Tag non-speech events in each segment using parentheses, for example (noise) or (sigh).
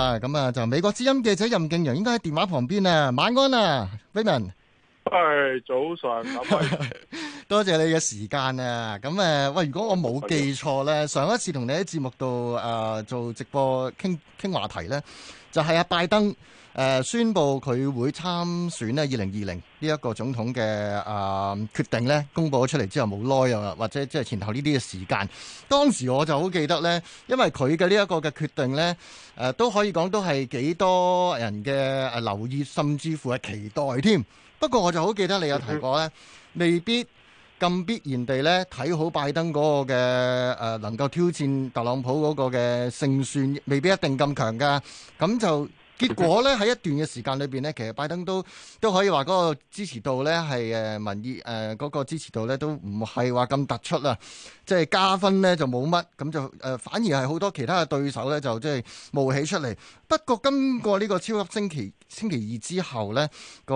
啊，咁啊，就美國之音記者任敬陽應該喺電話旁邊啊，晚安啊，菲文。早晨，咁 (laughs) 多謝你嘅時間啊。咁誒，喂、呃，如果我冇記錯呢，上一次同你喺節目度誒、呃、做直播傾傾話題呢就係、是、阿拜登誒、呃、宣佈佢會參選呢二零二零呢一個總統嘅誒、呃、決定呢，公布咗出嚟之後冇耐啊，或者即係前後呢啲嘅時間，當時我就好記得呢，因為佢嘅呢一個嘅決定誒、呃、都可以講都係幾多人嘅誒、呃、留意，甚至乎係期待添。不過我就好記得你有提過咧，嗯嗯，未必咁必然地咧睇好拜登嗰個嘅、呃、能夠挑戰特朗普嗰個嘅勝算，未必一定咁強㗎，咁就。結果呢，喺一段嘅時間裏邊呢，其實拜登都都可以話嗰個支持度呢係誒民意誒嗰個支持度呢都唔係話咁突出啦，即係加分呢就冇乜，咁就誒反而係好多其他嘅對手呢就即係冒起出嚟。不過經過呢個超級星期星期二之後呢，個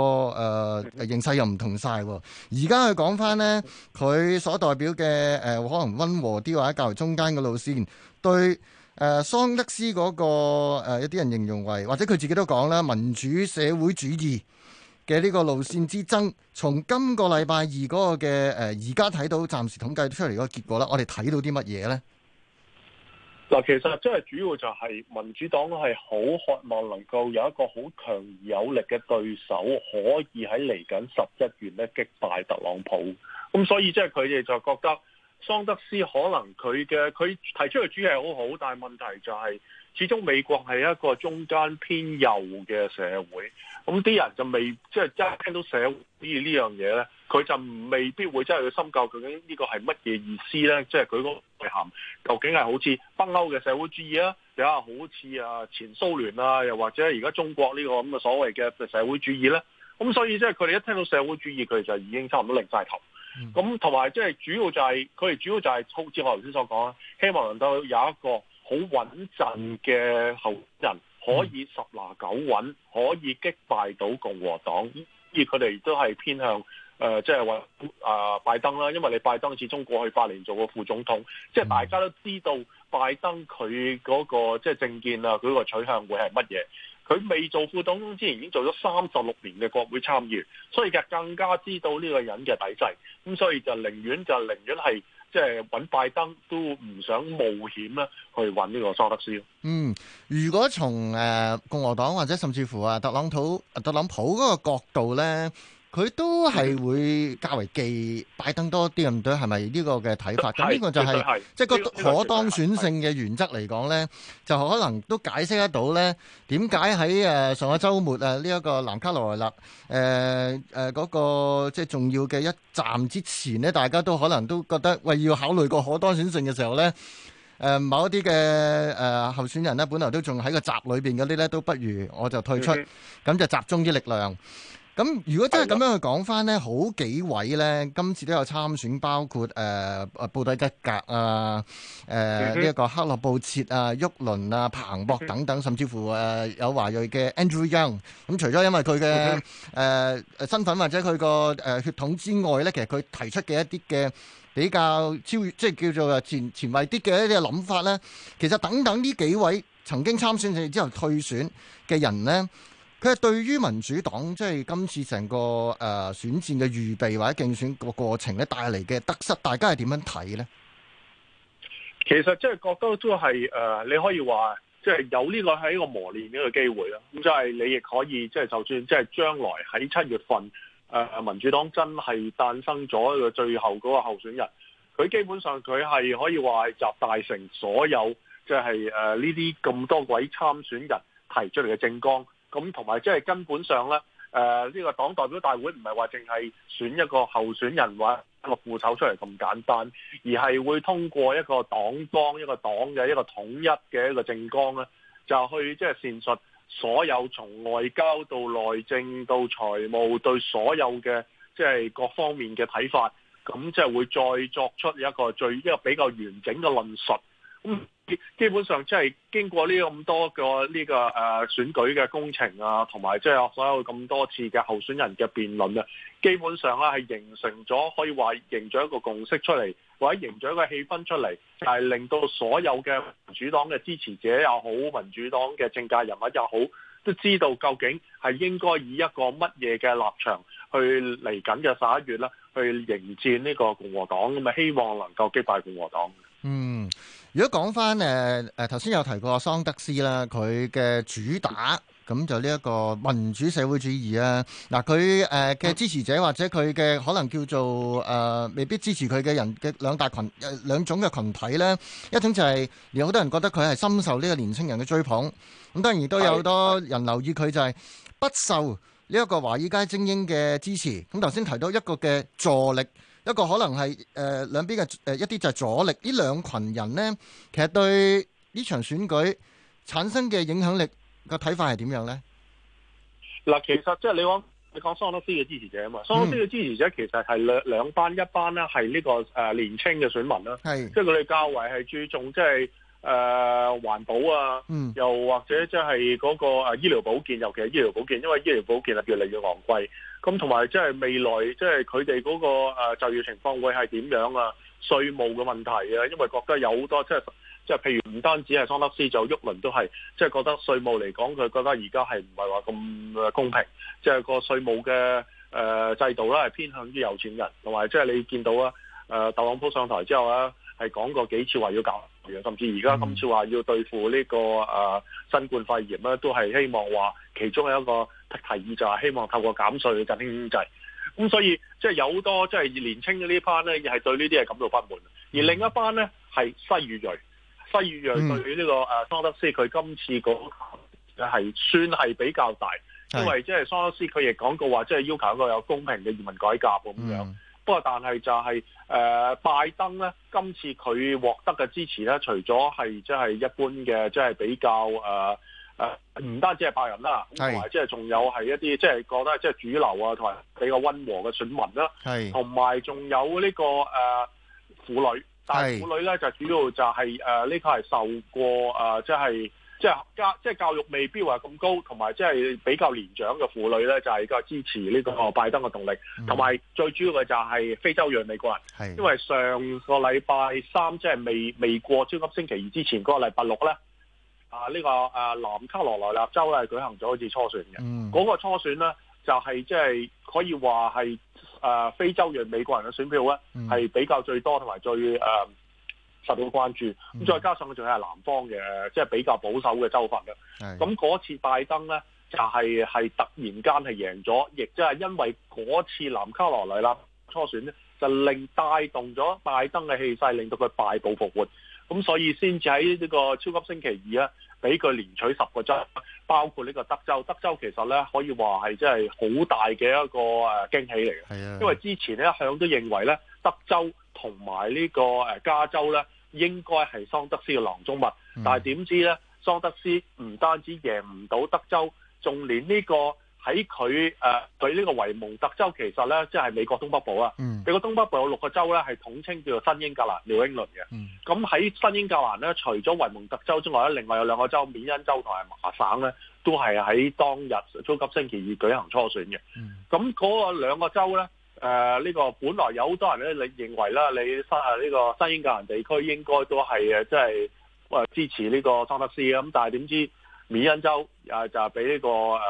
誒形勢又唔同晒。而家去講翻呢，佢所代表嘅誒可能溫和啲或者較為中間嘅路線對。誒、呃、桑德斯嗰、嗰個、呃、一啲人形容為，或者佢自己都講啦，民主社會主義嘅呢個路線之爭，從今個禮拜二嗰個嘅誒而家睇到，暫時統計出嚟嗰個結果啦，我哋睇到啲乜嘢呢？嗱，其實即係主要就係民主黨係好渴望能夠有一個好強而有力嘅對手，可以喺嚟緊十一月呢擊敗特朗普，咁所以即係佢哋就覺得。桑德斯可能佢嘅佢提出嘅主意係好好，但係問題就係，始終美國係一個中間偏右嘅社會，咁啲人就未即係一聽到社會主義呢樣嘢咧，佢就未必會真係去深究究竟呢個係乜嘢意思咧，即係佢嗰個內涵究竟係好似北歐嘅社會主義啊，又啊好似啊前蘇聯啊，又或者而家中國呢個咁嘅所謂嘅社會主義咧，咁所以即係佢哋一聽到社會主義，佢哋就已經差唔多擰晒頭。咁同埋，即係、嗯、主要就係佢哋主要就係、好似我頭先所講啦，希望能夠有一個好穩陣嘅候人，可以十拿九穩，可以擊敗到共和黨。而佢哋都係偏向，即係話拜登啦，因為你拜登始終過去八年做過副總統，即係、嗯、大家都知道拜登佢嗰、那個即係、就是、政見啊，佢個取向會係乜嘢？佢未做副總統之前已經做咗三十六年嘅國會參議，所以就更加知道呢個人嘅底細，咁所以就寧願就寧願係即係揾拜登，都唔想冒險啦，去揾呢個桑德斯。嗯，如果從誒、呃、共和黨或者甚至乎啊特朗普特朗普嗰個角度咧？佢都係會較為忌拜登多啲咁多，係咪呢個嘅睇法？咁呢對個就係、是、即係個可當選性嘅原則嚟講呢，對對對，就可能都解釋得到呢，點解喺上個週末啊呢一個南卡羅來納誒嗰個即係重要嘅一站之前呢，大家都可能都覺得喂，要考慮個可當選性嘅時候呢，誒、呃、某一啲嘅誒候選人呢，本來都仲喺個閘裏面嗰啲呢，都不如我就退出，咁、嗯、哼就集中啲力量。咁如果真係咁樣去講翻呢，好幾位呢，今次都有參選，包括誒、呃、布迪吉格啊，誒呢一個克洛布切啊、沃倫啊、彭博等等，甚至乎誒、呃、有華裔嘅 Andrew Young。咁、嗯、除咗因為佢嘅誒身份或者佢個誒血統之外呢，其實佢提出嘅一啲嘅比較超越即係、就是、叫做前前衞啲嘅一啲嘅諗法呢，其實等等呢幾位曾經參選之後退選嘅人呢。佢係對於民主黨即係、就是、今次成個誒、呃、選戰嘅預備或者競選個過程咧帶嚟嘅得失，大家係點樣睇咧？其實即係覺得都係誒、呃，你可以話即係有呢個係一個磨練嘅機會啦。咁即係你亦可以即係就算即係將來喺七月份誒、呃、民主黨真係誕生咗一個最後嗰個候選人，佢基本上佢係可以話集大成所有即係誒呢啲咁多位參選人提出嚟嘅政綱。咁同埋即係根本上咧，誒、呃、呢個黨代表大會唔係話淨係選一個候選人或一個副手出嚟咁簡單，而係會通過一個黨綱一個黨嘅一個統一嘅一個政綱咧，就去即係闡述所有從外交到內政到財務對所有嘅即係各方面嘅睇法，咁即係會再作出一個最一個比較完整嘅論述。咁基本上即係經過呢咁多個呢、呢個誒、啊、選舉嘅工程啊，同埋即係所有咁多次嘅候選人嘅辯論啊，基本上啊係形成咗，可以話形成咗一個共識出嚟，或者形成咗一個氣氛出嚟，係令到所有嘅民主黨嘅支持者又好，民主黨嘅政界人物又好，都知道究竟係應該以一個乜嘢嘅立場去嚟緊嘅十一月啦，去迎戰呢個共和黨咁啊，希望能夠擊敗共和黨。嗯。如果講翻誒誒頭先有提過桑德斯啦，佢嘅主打咁就呢一個民主社會主義啊。嗱，佢誒嘅支持者或者佢嘅可能叫做誒未必支持佢嘅人嘅兩大群兩種嘅群體呢，一種就係有好多人覺得佢係深受呢個年輕人嘅追捧，咁當然亦都有好多人留意佢就係不受呢一個華爾街精英嘅支持。咁頭先提到一個嘅助力。不過可能係誒兩邊嘅誒一啲就係阻力，呢兩群人咧，其實對呢場選舉產生嘅影響力個睇法係點樣咧？嗱，其實即係、就是、你講你講桑德斯嘅支持者啊嘛，桑德斯嘅支持者其實係兩兩班一班啦、這個，係呢個誒年青嘅選民啦，係即係佢哋較為係注重即係。誒環保啊，嗯，又或者即係嗰個誒醫療保健，尤其係醫療保健，因為醫療保健係越嚟越昂貴。咁同埋即係未來，即係佢哋嗰個誒就業情況會係點樣啊？稅務嘅問題啊，因為覺得有好多即係即係，譬如唔單止係桑德斯，就沃倫都係即係覺得稅務嚟講，佢覺得而家係唔係話咁公平，即係個稅務嘅誒制度咧係偏向於有錢人，同埋即係你見到啊誒，特朗普上台之後啊，係講過幾次話要搞。甚至而家今次話要對付呢、這個誒、啊、新冠肺炎咧，都係希望話其中有一個提議就係希望透過減稅去振興經濟。咁、嗯、所以即係、就是、有好多即係、就是、年青嘅呢班咧，亦係對呢啲係感到不滿。而另一班咧係西語裔。西語裔對呢、這個誒、啊、桑德斯佢今次嗰係算係比較大，因為即係桑德斯佢亦講過話，即、就、係、是、要求一個有公平嘅移民改革咁樣。嗯。不過，但係就係、是、誒、呃、拜登咧，今次佢獲得嘅支持咧，除咗係即係一般嘅，即、就、係、是、比較誒誒，唔、呃呃、單止係白人啦，同埋即係仲有係一啲即係覺得即係主流啊，同埋比較溫和嘅選民啦，係同埋仲有呢、這個誒、呃、婦女，但係婦女咧就主要就係誒呢個係受過誒即係。呃就是即係教即係教育未必話咁高，同埋即係比較年長嘅婦女咧，就係、是、較支持呢個拜登嘅動力。同埋、嗯、最主要嘅就係非洲裔美國人，是因為上個禮拜三即係、就是、未未過超級星期二之前嗰、那個禮拜六咧，啊呢、這個啊南卡羅來納州咧舉行咗一次初選嘅，嗰、嗯、個初選咧就係即係可以話係啊非洲裔美國人嘅選票咧係、嗯、比較最多同埋最誒。呃受到關注，咁再加上佢仲係南方嘅，即係比較保守嘅州份咧。咁嗰次拜登呢，就係、係、係突然間係贏咗，亦即係因為嗰次南卡羅來納初選咧，就令帶動咗拜登嘅氣勢，令到佢敗部復活，咁所以先至喺呢個超級星期二咧，俾佢連取十個州。包括呢個德州，德州其實呢，可以話係真係好大嘅一個誒驚喜嚟嘅，的因為之前一向都認為呢德州同埋呢個加州呢，應該係桑德斯嘅囊中物，嗯、但係點知呢，桑德斯唔單止贏唔到德州，仲連呢、呢個。喺佢誒佢呢個維蒙特州其實咧，即係美國東北部啊。美國、嗯、東北部有六個州咧，係統稱叫做新英格蘭、紐英倫嘅。咁喺、嗯、新英格蘭咧，除咗維蒙特州之外咧，另外有兩個州，緬因州同埋麻省咧，都係喺當日超級星期二舉行初選嘅。咁嗰、嗯、個兩個州咧，誒、呃、呢、呢個本來有好多人咧，你認為啦，你新啊呢個新英格蘭地區應該都係誒，即係誒支持呢個桑德斯嘅。咁但係點知？緬因州啊，就俾呢、這個誒、呃、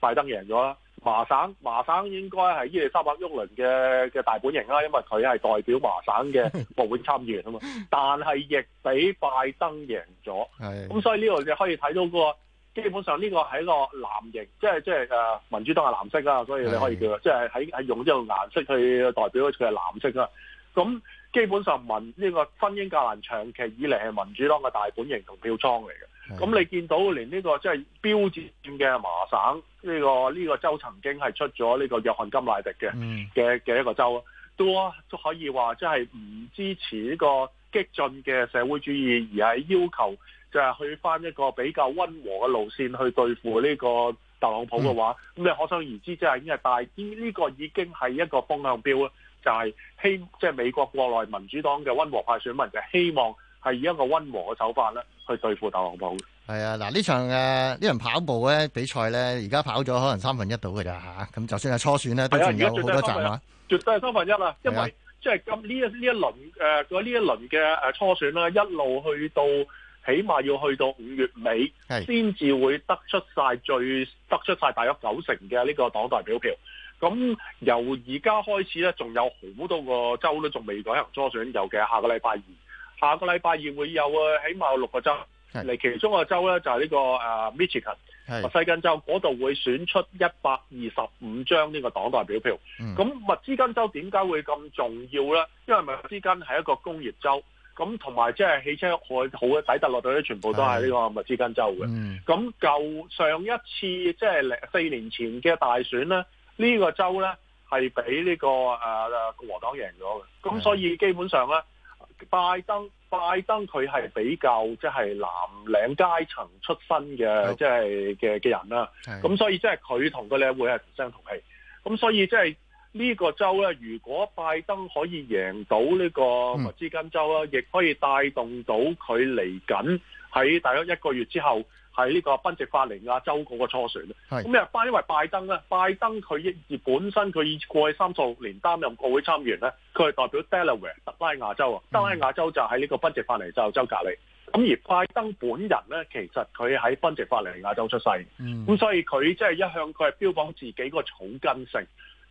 拜登贏咗。麻省麻省應該係伊利莎白沃倫嘅嘅大本營啦，因為佢係代表麻省嘅國會參議員啊嘛。 (laughs) 但係亦俾拜登贏咗。咁、 (laughs) 嗯，所以呢度你可以睇到、那個個基本上呢個係一個藍營，即係即係誒民主黨係藍色啦，所以你可以叫即係喺喺用呢個顏色去代表佢係藍色啦，咁、嗯基本上民呢個新英格蘭長期以嚟係民主黨嘅大本營同票倉嚟嘅，咁的你見到連呢個即係標誌嘅麻省呢個呢個州曾經係出咗呢個約翰甘迺迪嘅嘅嘅一個州，都的都可以話即係唔支持呢個激進嘅社會主義，而係要求就係去返一個比較溫和嘅路線去對付呢個特朗普嘅話，咁的你可想而知即係已經係大啲，呢、呢個已經係一個風向標啦。就係希即係美國國內民主黨嘅溫和派選民就希望係以一個溫和嘅手法咧去對付特朗普。係啊，嗱呢場誒呢輪跑步咧比賽咧，而家跑咗可能三分一到嘅咋嚇，咁就算係初選咧都仲有好多站話，係啊，絕對係三分一啦，因為即係咁呢一呢、呃、一輪誒呢一輪嘅誒初選啦，一路去到起碼要去到五月尾，係先至會得出晒，最得出晒大約九成嘅呢個黨代表票。咁由而家開始咧，仲有好多個州都仲未舉行初選，尤其係下個禮拜二，下個禮拜二會有啊，起碼有六個州嚟。是其中個州咧就係、是、呢、這個誒密、啊、是西根，密西根州嗰度會選出一百二十五張呢個黨代表票。咁、嗯、密西根州點解會咁重要咧？因為密西根係一個工業州，咁同埋即係汽車海好嘅底特律嗰啲全部都係呢個密西根州嘅。咁就、嗯、上一次即係四年前嘅大選咧。呢個州呢，係俾呢個誒共、啊、和黨贏咗嘅，咁所以基本上呢，拜登拜登佢係比較即係藍領階層出身嘅，即係嘅嘅人啦，咁的所以即係佢同佢咧會係同聲同氣，咁所以即係呢個州呢，如果拜登可以贏到呢個佛茲金州啦，亦、嗯、可以帶動到佢嚟緊喺大約一個月之後。喺呢個賓夕法尼亞州嗰個初選，咁又拜因為拜登咧，拜登佢亦本身佢已過去三十六年擔任國會參議員咧，佢係代表 Delaware 特拉亞州啊，嗯、特拉亞州就喺呢個賓夕法尼亞州隔籬。咁而拜登本人咧，其實佢喺賓夕法尼亞州出世，咁、嗯、所以佢即係一向佢係標榜自己個草根性，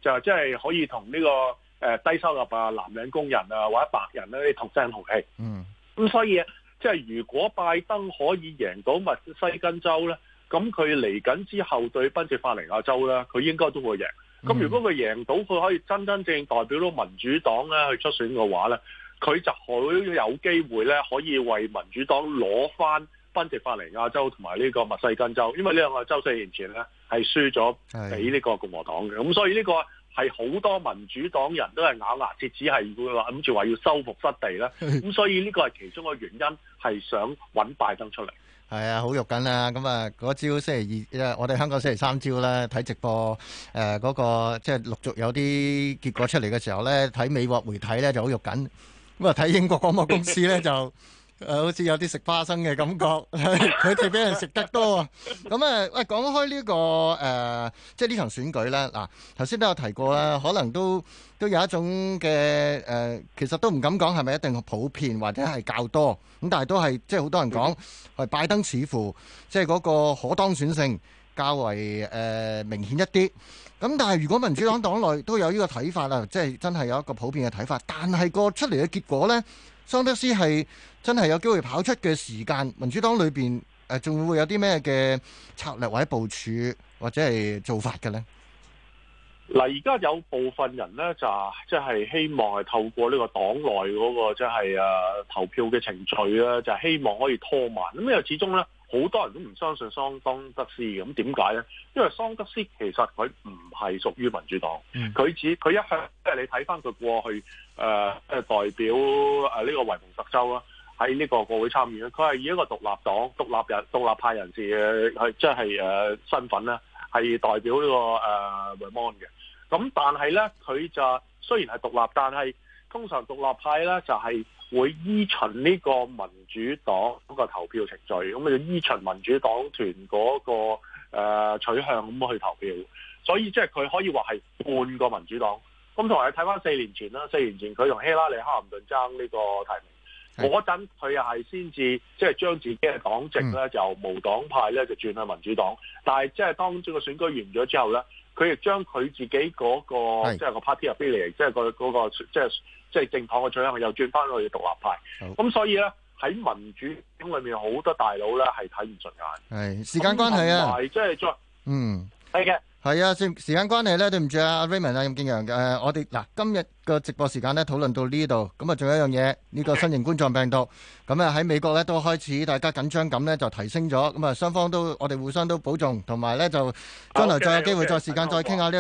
就即係可以同呢個誒低收入啊、藍領工人啊或者白人咧、啊、啲同聲同氣。嗯，咁所以。即係如果拜登可以贏到密西根州呢，咁佢嚟緊之後對賓夕法尼亞州呢，佢應該都會贏。咁如果佢贏到，佢可以真真正正代表到民主黨呢去出選嘅話呢，佢就好有機會呢可以為民主黨攞翻賓夕法尼亞州同埋呢個密西根州，因為呢兩個州四年前呢係輸咗俾呢個共和黨嘅，咁所以呢、呢個。係好多民主黨人都係咬牙切齒，係會話諗住話要收復失地啦。咁所以呢個係其中個原因，係想搵拜登出嚟。係 (laughs) 啊，好肉緊啊。咁、那、啊、個，嗰朝星期二，我哋香港星期三朝啦，睇直播。誒、呃，嗰、那個即係、就是、陸續有啲結果出嚟嘅時候咧，睇美國媒體咧就好肉緊。咁啊，睇英國廣播公司咧就。 (laughs) 呃、好似有啲食花生嘅感覺，佢哋俾人食得多啊！咁、嗯、誒，喂、呃，講開呢個、呃、即係呢場選舉呢，嗱、呃，頭先都有提過啦，可能都都有一種嘅、呃、其實都唔敢講係咪一定普遍或者係較多，咁、嗯、但係都係即係好多人講，係拜登似乎即係嗰個可當選性較為、呃、明顯一啲。咁、嗯、但係如果民主黨黨內都有呢個睇法啦，即係真係有一個普遍嘅睇法，但係個出嚟嘅結果呢。桑德斯係真係有機會跑出嘅時間，民主黨裏邊誒仲會有啲咩嘅策略或者部署或者係做法嘅咧？嗱，而家有部分人咧就即係希望係透過呢個黨內嗰個即係誒投票嘅程序咧，就係希望可以拖慢。咁又始終咧好多人都唔相信桑桑德斯，咁點解咧？因為桑德斯其實佢唔係屬於民主黨，佢、嗯、只佢一向即係你睇翻佢過去。誒誒、呃、代表誒呢、呃這個維盟特州啦，喺呢個國會參與咧，佢係以一個獨立黨、獨立人、獨立派人士嘅係即係誒身份咧，係代表、這個呃、的但是呢個誒維蒙嘅。咁但係咧，佢就雖然係獨立，但係通常獨立派咧就係、是、會依循呢個民主黨嗰個投票程序，咁佢就依循民主黨團嗰、那個、呃、取向咁去投票，所以即係佢可以話係半個民主黨。咁、嗯、同埋睇翻四年前啦，四年前佢同希拉里、克林頓爭呢個提名，嗰陣佢又係先至即係將自己嘅黨籍咧就無黨派咧就轉去民主黨，但係即係當呢個選舉完咗之後咧，佢亦將佢自己嗰、那個即係是、那個 party 入邊嚟，即係個嗰個即係即係政黨嘅取向又轉翻去獨立派。咁好、嗯、所以咧喺民主裏面好多大佬咧係睇唔順眼。係時間關係啊，即係再嗯係嘅。係啊，時間關係呢咧，對唔住啊，Raymond 啊，Raymond, 任敬揚，誒、呃，我哋嗱、啊、今日嘅直播時間咧，討論到呢度，咁啊，仲有一樣嘢，呢、這個新型冠狀病毒，咁啊喺美國咧都開始，大家緊張感咧就提升咗，咁啊，雙方都我哋互相都保重，同埋咧就將來再有機會 okay, okay, okay, 再時間再傾下呢